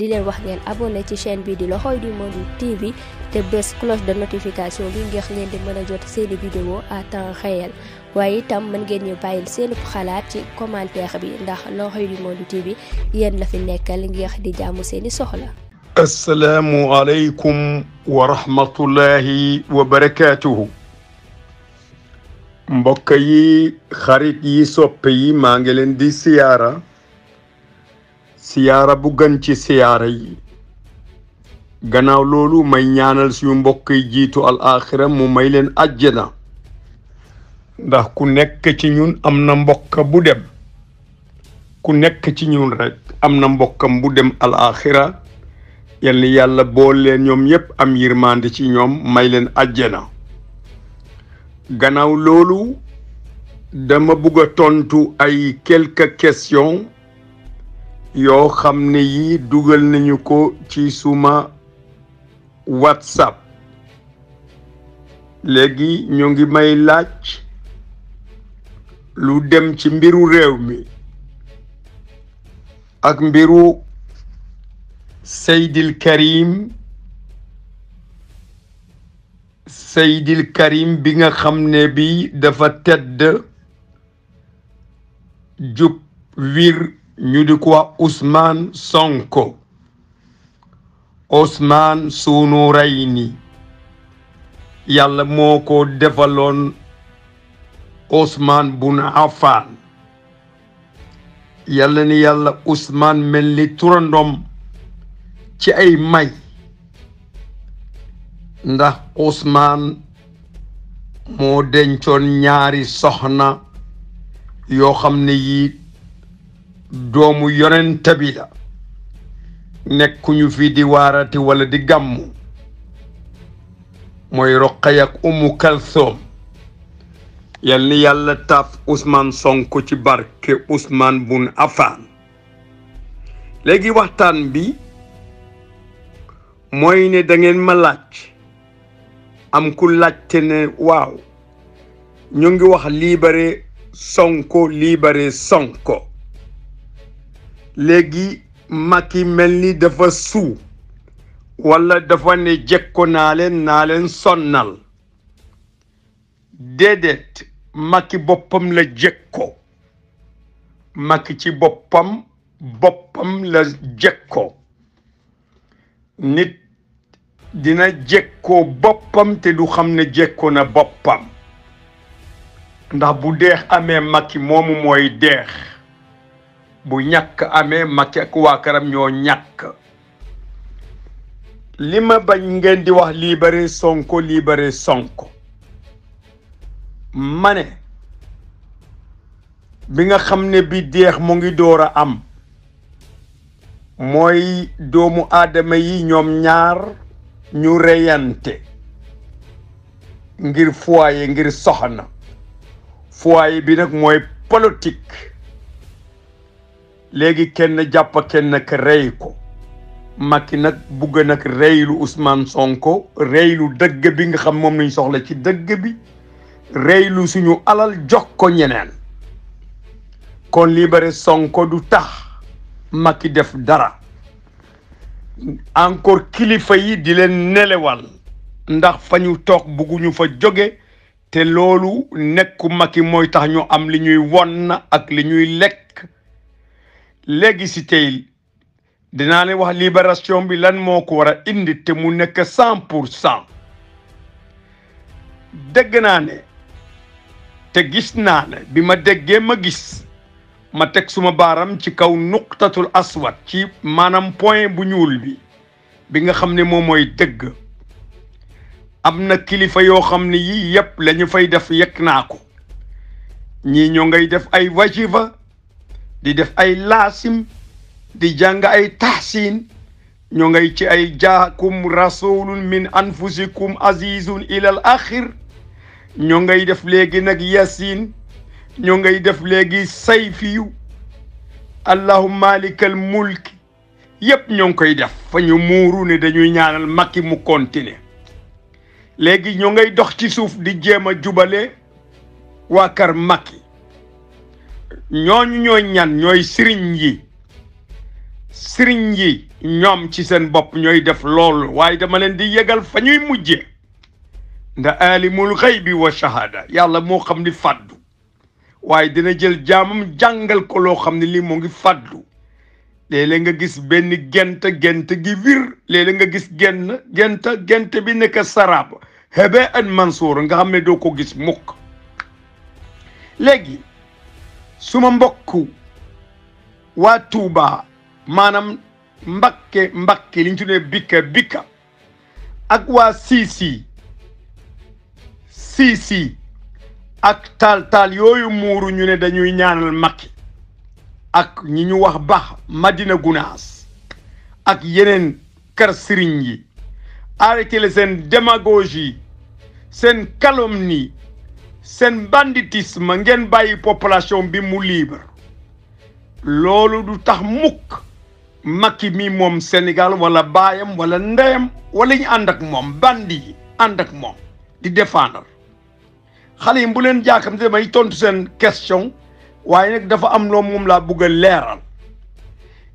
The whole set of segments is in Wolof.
di leen wax ngeen abonné ci chaîne bi di l'oreille du monde TV te bés cloche de notification bi ngir ngeen di mën a jot seeni vidéo à temps réel waaye itam mën ngeen ñu bàyyil seen xalaat ci commentaire bi ndax loxoy du monde TV yéen la fi nekkal ngir di jaamu seeni soxla. asalaamu aleykum wa rahmatullahi wa barakaatuhu. mbokk yi xarit yi soppe yi maa ngi leen di siyaara. siyaara bu gën ci siyaara yi gannaaw loolu may ñaanal suñu mbokk yi jiitu alaaxira mu may leen àjjana ndax ku nekk ci ñun am na mbokk bu ku nekk ci ñun rek am na mbokkam bu dem alaaxira yal na yàlla bool ñoom yépp am yirmande ci ñoom may leen àjjana gannaaw loolu dama bugg a tontu ay quelques questions yoo xam ne yi dugal nañu ko ci suma whatsapp léegi ñu ngi may laaj lu dem ci mbiru réew mi ak mbiru Seydil Karim Seydil Karim bi nga xam ne bi dafa tedd jub wiir ñu di ko wax Sonko Ousmane sunu rey ni yàlla moo ko defaloon Ousmane bun Affan yàlla ni yàlla usmaan mel ni turandoom ci ay may ndax Ousmane moo dencoon ñaari soxna yoo xam ne yii doomu yonent bi la nekkuñu di waarati wala di gàmmu moy Roqaya ak Umu Kalsoom yal ni yàlla taaf usmaan Sonko ci barke Ousmane bun Affan léegi waxtaan bi moyne ne da ma laaj am ku laajte ne waaw ñu ngi wax libéré Sonko libéré Sonko léegi Macky mel ni dafa suu wala dafa ne jekko naa leen naa leen sonnal déedéet makki boppam la jekko Macky ci boppam boppam la jekko nit dina jekkoo boppam te du xam ne jekko na boppam ndax bu deex amee Macky moomu mooy deex bu ñàkk amee Macky ak waa ñoo ñàkk li ma bañ ngeen di wax libéré Sonko libéré Sonko ma ne bi nga xam ne bi deex mu ngi door a am mooy doomu aadama yi ñoom ñaar ñu reyante ngir foyer ngir soxna foyer bi nag mooy politique léegi kenn jàpp kenn ak rey ko Macky nag bugg nag reylu Ousmane Sonko reylu dëgg bi nga xam moom lañ soxla ci dëgg bi reylu suñu alal jox ko ñeneen kon libéré Sonko du tax makki def dara encore kilifa yi di leen nelewal ndax fa ñu toog bugguñu fa jóge te loolu nekku Macky mooy tax ñu am li ñuy won ak li ñuy lekk léegi si tey dinaa leen wax libération bi lan moo ko war a indi te mu nekk cent pour cent dégg naa ne te gis naa ne bi ma déggee ma gis ma teg suma baaram ci kaw nuqtatul aswad ci maanaam point bu ñuul bi bi nga xam ne moom mooy dëgg am na kilifa yoo xam ne yii yëpp la fay def yëg naa ko ñii ñoo ngay def ay wajifa di def ay laasim di jàng ay tahsin ñoo ngay ci ay jaakum rasulun min anfusikum azizun ilal axir ñoo ngay def léegi nag yasin ñoo ngay def léegi sayfiyu allahumma malikal mulki yépp ñoo ngi koy def fa ñu muuru ne dañuy ñaanal Macky mu continuer léegi ñoo ngay dox ci suuf di jéem a jubale waa kër Macky ñooñ ñooy ñan ñooy sëriñ yi sëriñ yi ñoom ci seen bopp ñooy def lool waaye dama leen di yëgal fa ñuy mujje nda aalimul xaybi wa shahada yàlla moo xam ni fàddu waaye dina jël jaamam jàngal ko loo xam ne lii moo ngi fàddu léeg nga gis benn gent gent gi wir léeg nga gis genn gent gent bi nekk saraab hebe an mansour nga xam ne doo ko gis mukk léegi suma mbokku waa Touba maanaam Mbakke Mbakke li ñu tuddee bikka bikka ak waa Sisi Sisi ak taal taal yooyu muuru ñu ne dañuy ñaanal Macky ak ñi ñu wax bax Madina Gunaas ak yeneen kër sëriñ yi arrêté le seen démagogie seen calomnie seen banditisme ngeen bàyyi population bi mu libre loolu du tax mukk makki mi moom Sénégal walla baayam walla ndeyam wala ñu ànd ak moom bandi yi moom di défendre xale yi bu leen jàkkam may tontu seen question waaye nag dafa am loo moom laa bëgg leeral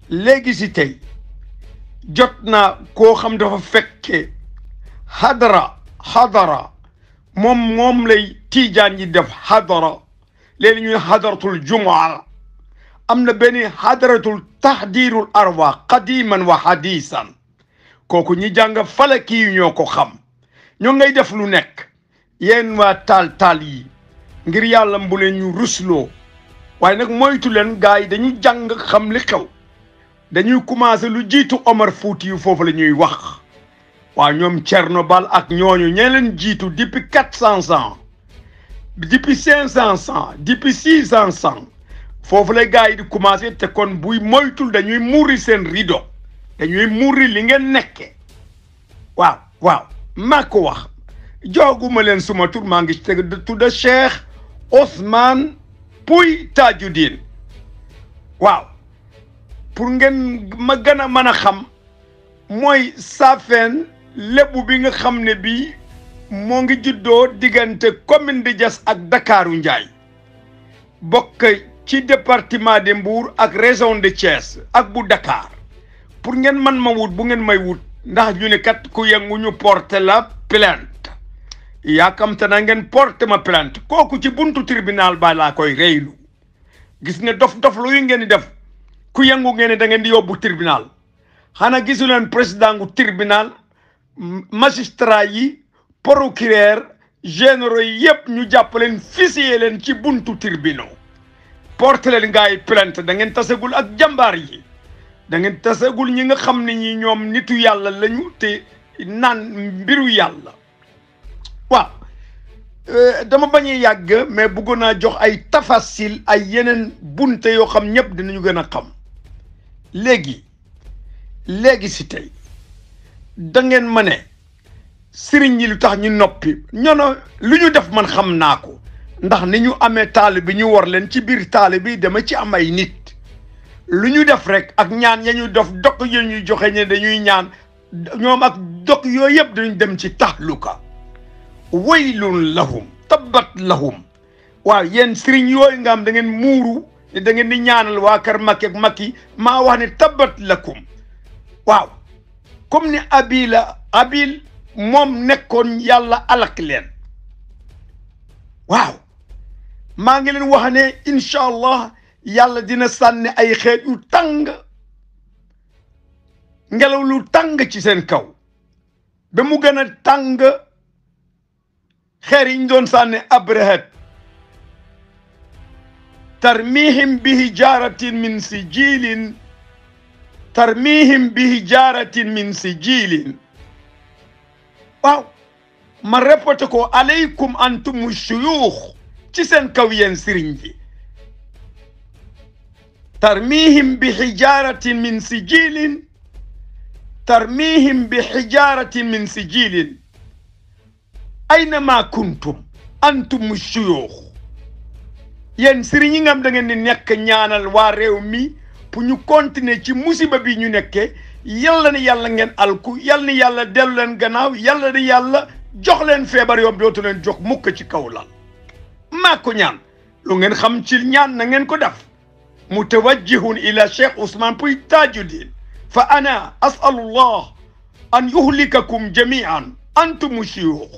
léegi si jot naa koo xam dafa fekke hadara hadara moom moom lay tiijaan yi def xadara léegi ñu ne xadaratul jumaa am na benn xadaratul taxdiirul arwa qadiman wa hadisan kooku ñi jàng falaki yi ñoo xam ñoo ngay def lu nek yéen wa tal tal yi ngir yàlla mbu leen ñu ruslo way nak moytu leen gaay dañu jàng xam li xew dañuy commencer lu jitu Omar fouti yu foofu la ñuy wax waaw ñoom Thierno Bal ak ñooñu ñee leen jiitu depuis quatre cents ans depuis cinq cents ans depuis six cents foofu la gars yi di commencé te kon buy moytul dañuy muri seen rido dañuy muri li ngeen nekke waaw waaw maa ko wax jooguma leen suma tur maa ngi teg tudda Cheikh Ousmane Pouye Tadjoudine waaw pour ngeen ma gën a mën a xam mooy safen lébu bi nga xam ne bii moo ngi juddoo diggante commune de Diass ak dakaaru Njaay bokk ci département de Mbour ak région de Thiès ak bu Dakar pour ngeen man ma wut bu ngeen may wut ndax ñu ne ku yëngu ñu porte la plainte yaakamte na ngeen porte ma plainte kooku ci buntu tribunal balaa koy reylu gis ne dof dof lu ngeen di def ku yëngu ngeen da ngeen di yóbbu tribunal xanaa gisu leen président tribunal magistrat yi procureur généraux yi yëpp ñu jàpp leen leen ci buntu tribunal porte leen ngaay plainte da ngeen tasagul ak jàmbaar yi da ngeen tasagul ñi nga xam ne ñi ñoom nitu yàlla lañu te naan mbiru yàlla waaw euh, dama bañ yàgg mais bëggoon naa jox ay tafasil ay yeneen bunte yoo xam ñëpp dinañu gën a xam léegi léegi si tey dangeen ma ne sëriñ yi lu tax ñu noppi ñono lu ñu def man xam naa ko ndax ni ñu amee taali bi ñu war leen ci biir taali bi dama ci am ay nit lu ñu def rek ak ñaan ya ñu def dokk ya ñu joxe ne dañuy ñaan ñoom ak dokk yooyu yëpp dañu dem ci tahluka waylun lahum tabbat lahum waaw yéen sëriñ yooyu nga am dangeen ngeen muuru ne di ñaanal waa kër Makki ak Makki maa wax ne tabbat lakum waaw comme ni abila abil moom nekkoon yàlla alak waaw maa ngi leen wax ne incha yàlla dina sànni ay xeet yu tàng ngelaw lu tàng ci seen kaw ba mu gën a tàng xeer yi ñu doon sànni abrahat tarmihim bi hijaaratin min sijilin tarmihim bi hijaratin min sijilin waaw ma ko aleykum antum shuyuux ci seen kaw yeen sëriñ ji bi hijaratin min sijilin tarmihim bi hijaratin min sijilin kuntum antum shuyuux yeen sëriñ yi ngam da ngeen di nekk ñaanal waa réew pour ñu continuer ci musiba bi ñu nekké yalla ni yalla ngeen alku yalla ni yalla delu len gannaaw yalla ni yalla jox len febar yoom dootu len jox mukk ci kaw lal maa ko ñaan lu ngeen xam ci ñaan na ngeen ko def mutawajjihun ila sheikh usman puy tajudin fa ana asalu allah an yuhlikakum jamian antum shuyukh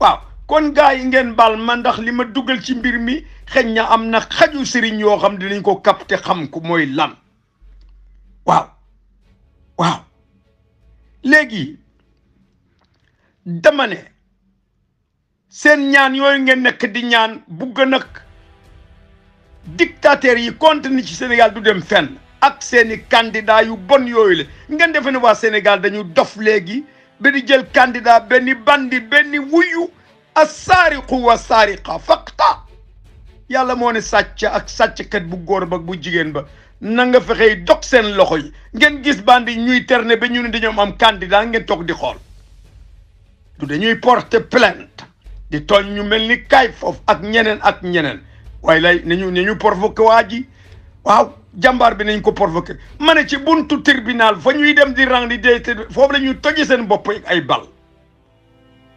waaw kon gaay ngeen bal ma ndax lima duggal ci mbir mi xëñ na am na xaju sëriñ yoo xam dinañ ko capté xam ku mooy lan waaw waaw léegi dama seen ñaan yooyu ngeen nekk di ñaan bugg nag dictateur yi continue ci Sénégal du dem fenn ak seeni candidat yu bon yooyu la ngeen defe waa Sénégal dañu dof léegi be di jël candidat benn bandi benn wuyu a saariqu wa saariqa faqta yàlla moo ne sàcc ak sàcckat bu góor ba bu jigéen ba na nga fexey dog seen loxo yi ngeen gis bandi ñuy terne ba ñu ne dañoom am candidat ngeen toog di xool du dañuy porter plainte di tooñ ñu mel ni kay foofu ak ñeneen ak ñeneen waaye lay nañu nañu provoqué waa ji waaw jàmbaar bi nañ ko provoqué ma ne ci buntu tirbinal fa ñuy dem di rang di dee foofu la ñuy toji seen bopp ay bal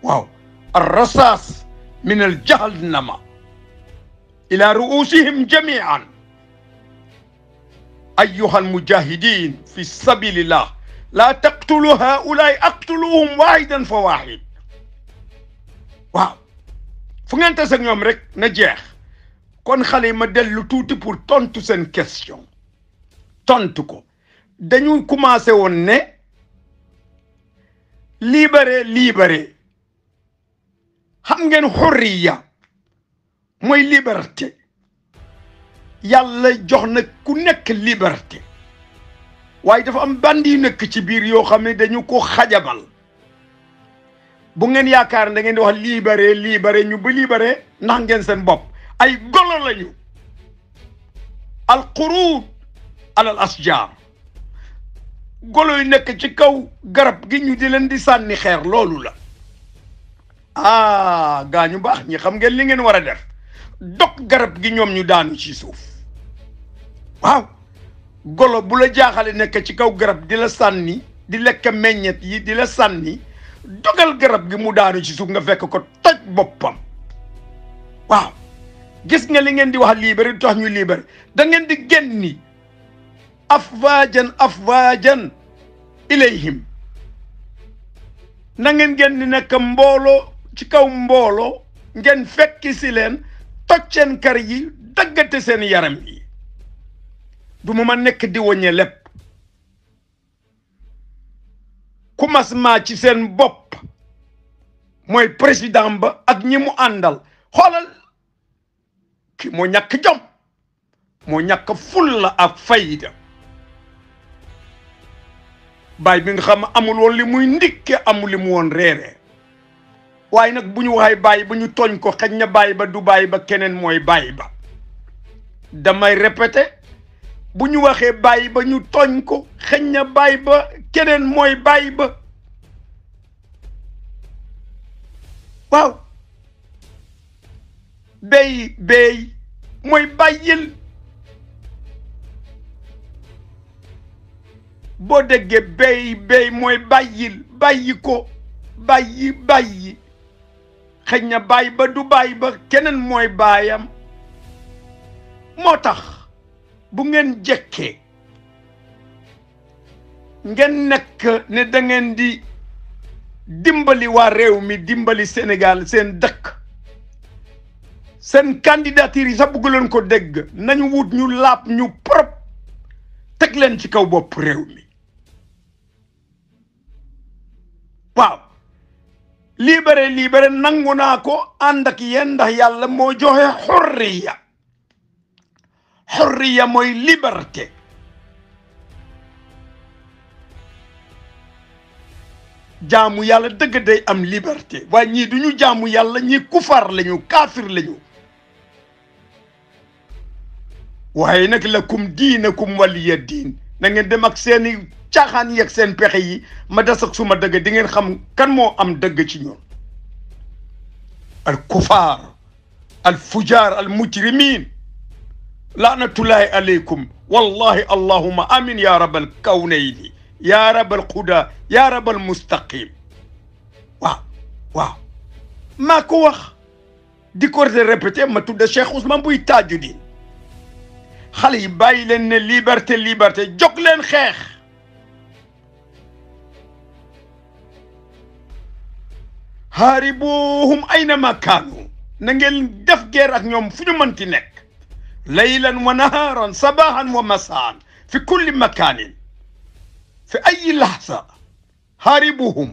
waaw arrasaas min al jahl nama إلى رؤوسهم جميعا أيها المجاهدين في سبيل الله لا تقتلوا هؤلاء اقتلوهم واحدا فواحد waaw fu ngeen tase ak ñoom rek na jeex kon xale yi ma dellu tuuti pour tontu seen question tontu ko dañu commencé woon ne libéré libéré xam ngeen xurriya moy liberté yàlla jox na ku nek liberté way dafa am bandi nek ci bir yo xam dañu ko xajabal bu ngeen yaakar da ngeen di wax libéré libéré ñu bu libéré ndax ngeen seen bop ay golo lañu al ala al asjar golo yu nek ci kaw garab gi ñu di leen di sànni xeer loolu la ah gañu bax ñi xam ngeen li ngeen wara def Dok garab gi ñom ñu daanu ci suuf waaw golo bu la jaaxale nek ci kaw garab di la sanni di lek meññet yi di la sanni dogal garab gi mu daanu ci suuf nga fekk ko toj boppam waaw gis nga li ngeen di wax libéré tax ñu libéré da ngeen di genni afwajan afwajan ilayhim na ngeen genn nekk mbolo ci kaw mbolo ngeen fekk ci len toj kar yi daggate seen yaram yi du mu ma nekk di woññe lépp commencement ci seen bopp mooy président ba ak ñi mu àndal xoolal ki moo ñàkk jom moo ñàkk fulla ak fayda bay bi nga xam amul woon li muy ndikke amul li mu woon reeree waaye nag bu ñu waxee bàyyi ba ñu tooñ ko xëj na bàyyi ba du bàyyi ba keneen mooy bàyyi ba damay répété bu ñu waxee bàyyi ba ñu toñ ko xëj na bàyyi ba keneen mooy bàyyi ba waaw béy béy mooy bàyyil boo deggee béy béy mooy bàyyil bàyyi ko bàyyi bàyyi xëj na baay ba du baay ba keneen mooy baayam moo tax bu ngeen jekkee ngeen nekk ne da di dimbali waa réew mi dimbali Sénégal seen dëkk seen candidature yi sax bëgguloon ko dégg nañu wut ñu laap ñu prop teg leen ci kaw bopp réew mi waaw lii bare lii nangu naa ko ànd ak yéen yàlla moo joxe xurriya xurriya mooy liberté jaamu yàlla dëgg day am liberté waaye ñii du ñu jaamu yàlla ñii kufar lañu kaafir lañu waaye nag lakum diinakum waliya diin na ngeen dem ak seen i caaxaan yi ak seen pexe yi ma des ak suma dëgg di ngeen xam kan moo am dëgg ci ñoom al kufaar al fujaar al mujrimiin laanatullahi aleykum wallahi allahuma amin ya rabal kawnayni ya rabal xuda ya rabal mustaqim waaw waaw maa ko wax di ko répété ma tudda Cheikh Ousmane buy taaju di xale yi bàyyi leen ne liberté liberté jóg leen xeex haaribuhum aynama kaanu na ngeen def guerre ak ñoom fu ñu mënti nekk laylan wa naharan sabahan wa masaan fi kulli makaanin fi ayi lahza haaribuhum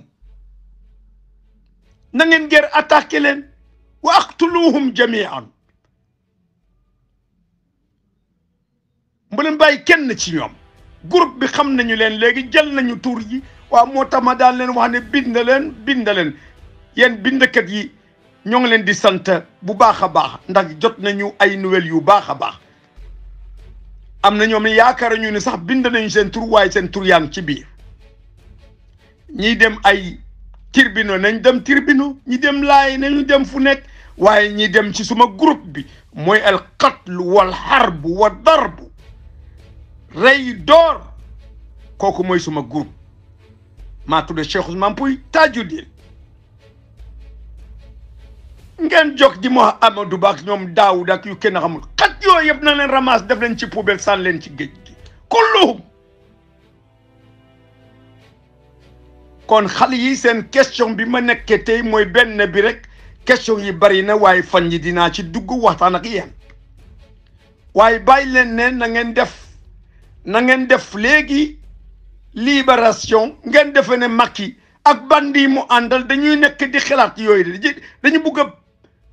na ngeen guerre attaqué leen wa aqtuluhum jamian bu leen bàyyi kenn ci ñoom groupe bi xam nañu leen léegi jël nañu tur yi waaw moo tax leen wax ne bind leen bind leen yéen bindkat yi ñoo ngi leen di sant bu baax baax ndax jot nañu ay nouvelles yu baax baax am na ñoom yaakaar ñu ne sax bind nañu seen tur waaye seen tur yaa ci biir ñiy dem ay tribunaux nañ dem tribunaux ñi dem laay nañu dem fu nekk waaye ñi dem ci suma groupe bi moy al qatl wal harb wad darb rey door kooku mooy suma groupe maa tudde Cheikh Ousmane Pouye Tajudeen ngeen jog di mo Amadou Ba ak ñoom Daawud ak yu kenn xamul xat yooyu yëpp na leen ramasse def leen ci poubelle sànni leen ci géej gi kulluhum kon xale yi seen question bi ma nekkee tey mooy benn bi rek question yi bari na waaye fan yi dinaa ci dugg waxtaan ak yéen waaye bàyyi leen ne na ngeen def na ngeen def léegi libération ngeen defe ne Macky ak bandi mu àndal dañuy nekk di xalaat yooyu de dañu bugg a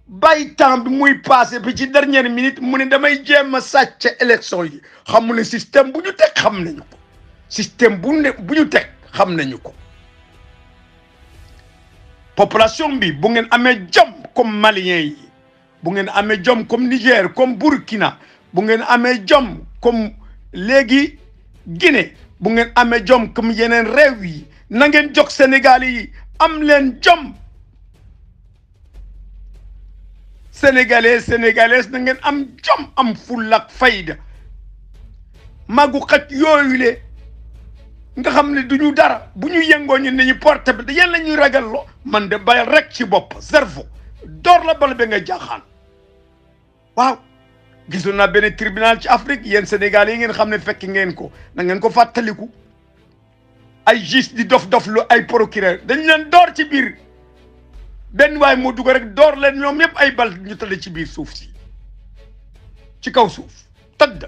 bàyyi temps muy passé bi ci dernière minute mu ne damay jéem a sàcc élection yi xamu ne système bu ñu teg xam nañu ko système bu ne ñu teg xam nañu ko population bi bu ngeen amee jom comme malien yi bu ngeen amee jom comme Niger comme Burkina bu ngeen amee jom comme léegi Guinée bu ngeen amee jom comme yeneen réew yi nangeen jog jox yi am leen jom sénégalais sénégalaises nangeen am jom am fullak fayda màggu xaj yooyu le nga xam ne du ñu dara bu ñu yëngoo ñu ne ñu portable te yéen la ñuy ragal loo man de bayal rek ci bopp servo door la bal ba nga jaaxaan waaw. gisoon naa beneen tribunal ci Afrique yéen Sénégal yi ngeen xam ne fekk ngeen ko na ngeen ko fàttaliku ay juge di dof-dof lu ay procureur dañ leen door ci biir benn waay moo dugg rek door leen ñoom yëpp ay bal ñu ci biir suuf si ci kaw suuf tëdd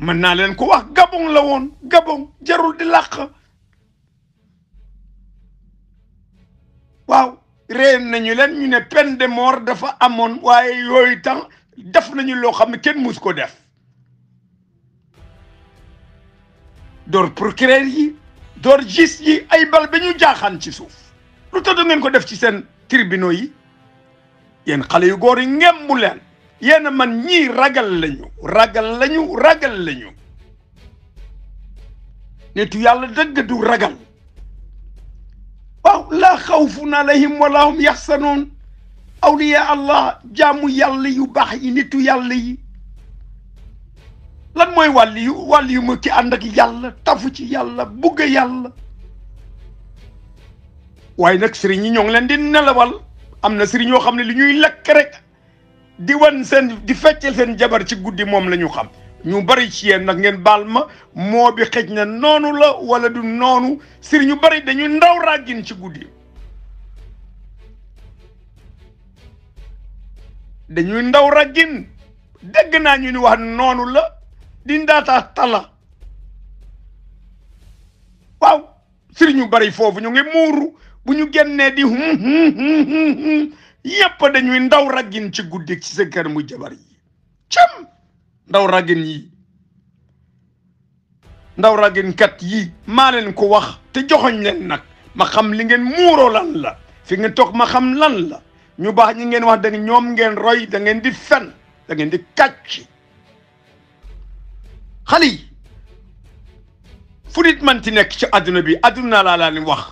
mën naa leen ko wax gabon la woon gabon jarul di làq waaw réer nañu leen ñu ne peine de mort dafa amoon waaye yooyu tam def nañu loo xam ne kenn mus ko def door procureur yi door gis yi ay bal ba ñu jaaxaan ci suuf lu tax ngeen ko def ci seen tribunaux yi yéen xale yu góor yi ngembu leen yéen man ñii ragal lañu ragal lañu ragal lañu nitu yàlla dëgg du ragal waaw laa xawfun alayhim wala hum yaxsanoon awliya allah jaamu yàlla yu baax yi nitu yàlla yi lan mooy wàlli yu wàlli yu ma ki ànd ak tafu ci yàlla bugg yàlla waaye nag sëriñ yi ñoo ngi leen di nelawal am na sëriñ yoo xam ne li ñuy lekk di wan seen di feccal seen jabar ci guddi moom la xam ñu bari ci yéen nag ngeen baal ma moo bi xëj na noonu la walla du noonu sir ñu bari dañuy ndaw ràggin ci guddi dañuy ndaw ràggin dégg naa ñu ni wax noonu la di ndaataa tala waaw sir ñu bari foofu ñu ngi muuru bu ñu génnee di hum yépp dañuy ndaw ràggin ci guddi ci sa kër mu jabar yi ndaw ràggin yi ndaw ràggin kat yi maa leen ko wax te joxoñ leen nag ma xam li ngeen muuroo lan la fi ngeen toog ma xam lan la ñu baax ñi ngeen wax da ñoom ngeen roy da ngeen di fen da ngeen di kàcc xale yi fu nit man ci nekk ci adduna bi adduna laa laa ni wax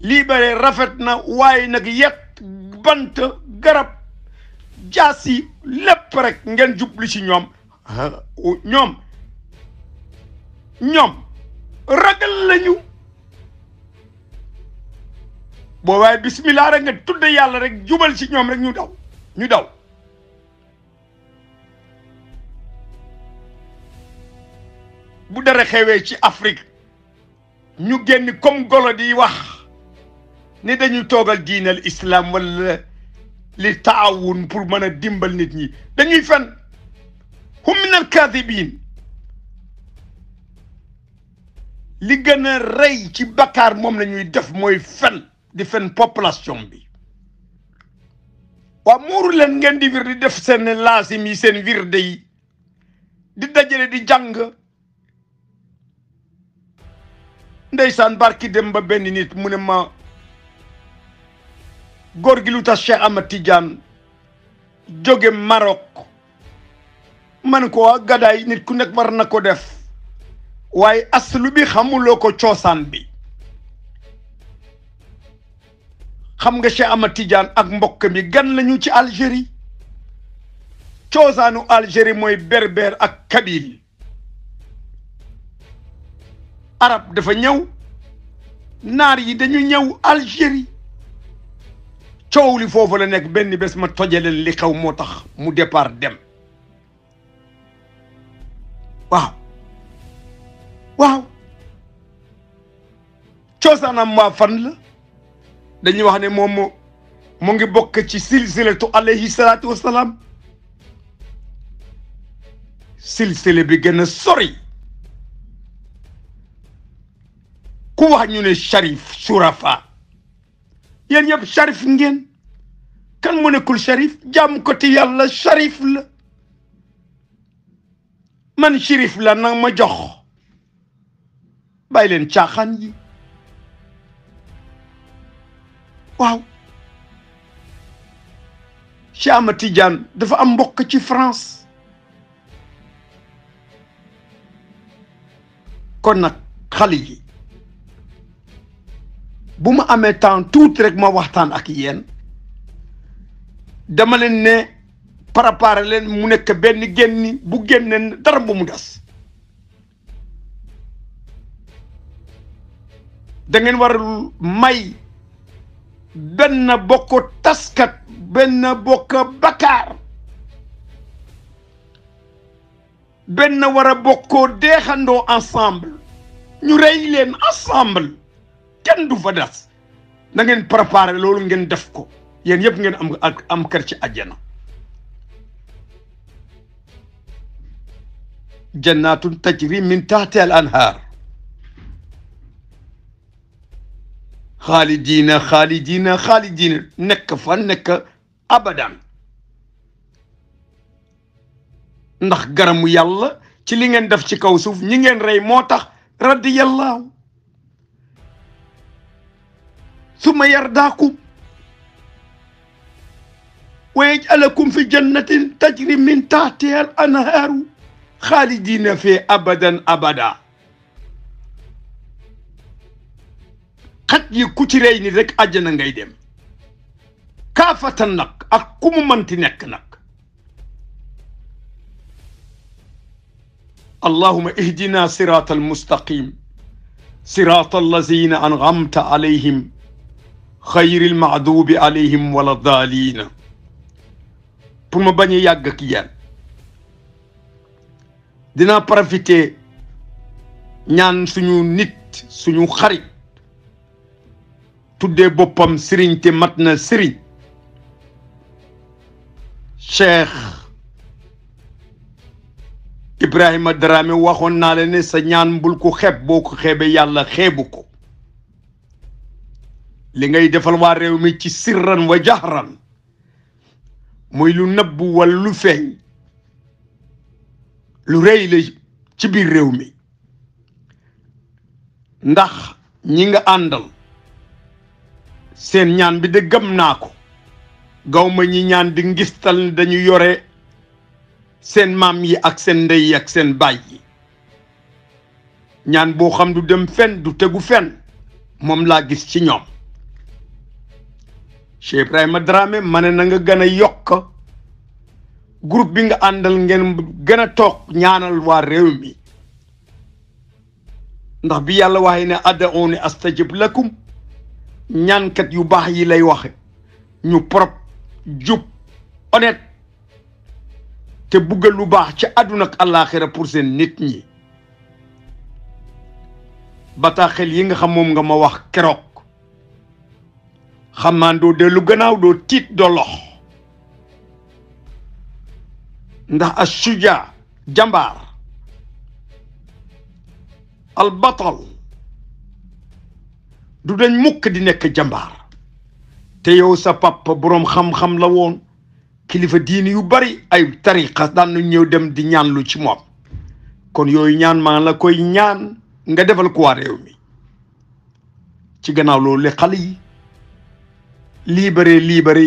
lii bare rafet na waaye nag yet bant garab jaas yi lépp rek ngeen jublu ci ñoom ñoom ñoom ragal lañu boobaay waaye bismillah rek nga tudd yàlla rek jubal ci ñoom rek ñu daw ñu daw bu dara xewee ci Afrique ñu génn comme golo di wax ni dañu toogal diinal islam wala li taawun pour mën a dimbal nit ñi dañuy fen hum min alkaadibin li gën rey ci bakkaar moom la ñuy def mooy fen di fen population bi waaw muuru leen ngeen di wir di def seen laasim yi seen wirde yi di dajale di jàng ndeysaan barki dem ba benn nit mu ne ma góor gi lu tax Cheikh Ahmad Tidiane jóge Maroc man ko gadaay nit ku nekk war na ko def waaye aslu bi xamuloo ko coosaan bi xam nga ci Ahmad Tidiane ak mbokk mi gan lañu ci Algérie coosaanu Algérie mooy berber ak kabyle arab dafa ñëw naar yi dañu ñëw Algérie coow li foofu la nekk benn bés ma tojee li xew moo tax mu depart dem waaw waaw cosaanam maa fan la dañuy wax ne moom mu ngi bokk ci silsilatu alayhi salaatu wasalaam silsile bi gën a sori ku wax ñu ne sharif shurafa yéen ñëpp sharif ngeen kan mu nekkul sharif jàmm ko ti yàlla sharif la man shérif la nag ma jox bàyyi leen caaxaan yi waaw Cheikh Ahmad Tidiane dafa am mbokk ci France kon nag xale yi bu ma amee temps tuuti rek ma waxtaan ak yéen dama ne préparer leen mu nekk benn génni bu génne dara bu mu des da ngeen war may benn bokk taskat benn bokk bakkaar benn war a bokkoo deexandoo ensemble ñu rey leen ensemble kenn du fa das na ngeen préparer loolu ngeen def ko yéen yëpp ngeen am am kër ci àjjana جنات تجري من تحت الأنهار خالدين خالدين خالدين نك فنك أبدا ndax garamu yàlla ci li ngeen def ci kaw suuf ñi ngeen rey moo tax radiyallahu suma yardaakum wa yajalakum fi jannatin tajri min tahtiha al anhaaru xaalidiina fee abadan abada xaj yi ku ci rey ni rek àjjana ngay dem kaafatan nag ak ku mu mënti nekk nag allahuma ihdina siraat almustaqim siraat allazina angamta alayhim xayri almaadubi alayhim wala daaliina pour ma bañ a yàgg ak yéen dina profité ñaan suñu nit suñu xarit tuddee boppam sëriñ te mat na sëriñ Cheikh Ibrahima Dramé waxoon naa la ne sa ñaan bul ko xeeb boo ko xeebee yàlla xeebu ko li ngay defal waa réew mi ci sirran wa jahran muy lu nëbb wala lu feeñ lu rëy la ci biir réew mi ndax ñi nga àndal seen ñaan bi de gëm naa ko gawma ñi ñaan di ngistal ne dañu yore seen maam yi ak seen ndey yi ak seen baay yi ñaan boo xam du dem fenn du tegu fenn moom laa gis ci ñoom Cheikh Ibrahima Dramé ma ne na nga gën groupe bi nga àndal ngeen gën a toog ñaanal waa réew mi ndax bi yàlla waxee ne ad'uuni astajib lakum ñaankat yu baax yi lay waxe ñu propre jub honnête te bugg lu baax ci àdduna ak àllaaxira pour seen nit ñi bataaxel yi nga xam moom nga ma wax keroog xam naa doo dellu gannaaw doo tiit doo lox ndax jambar al batal du dañ mukk di nek jambar te yow sa papa borom xam-xam la won kilifa diini yu bari ay tariqa dan nañ ñëw dem di ñaan lu ci mom kon yoy ñaan ma la koy ñaan nga defal ko waa mi ci gannaaw lo le xali libéré libéré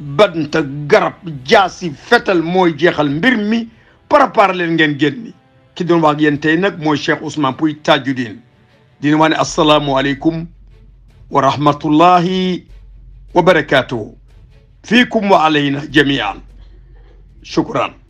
bant garab jaasi fetal mooy jeexal mbir mi préparé leen ngeen génni ki doon wax ak yéen tey nag mooy Cheikh Ousmane Pouye Tadjidine dina wax ne asalaamualeykum wa rahmatullahi wa barakaatuhu fiikum wa alayna jamian shukran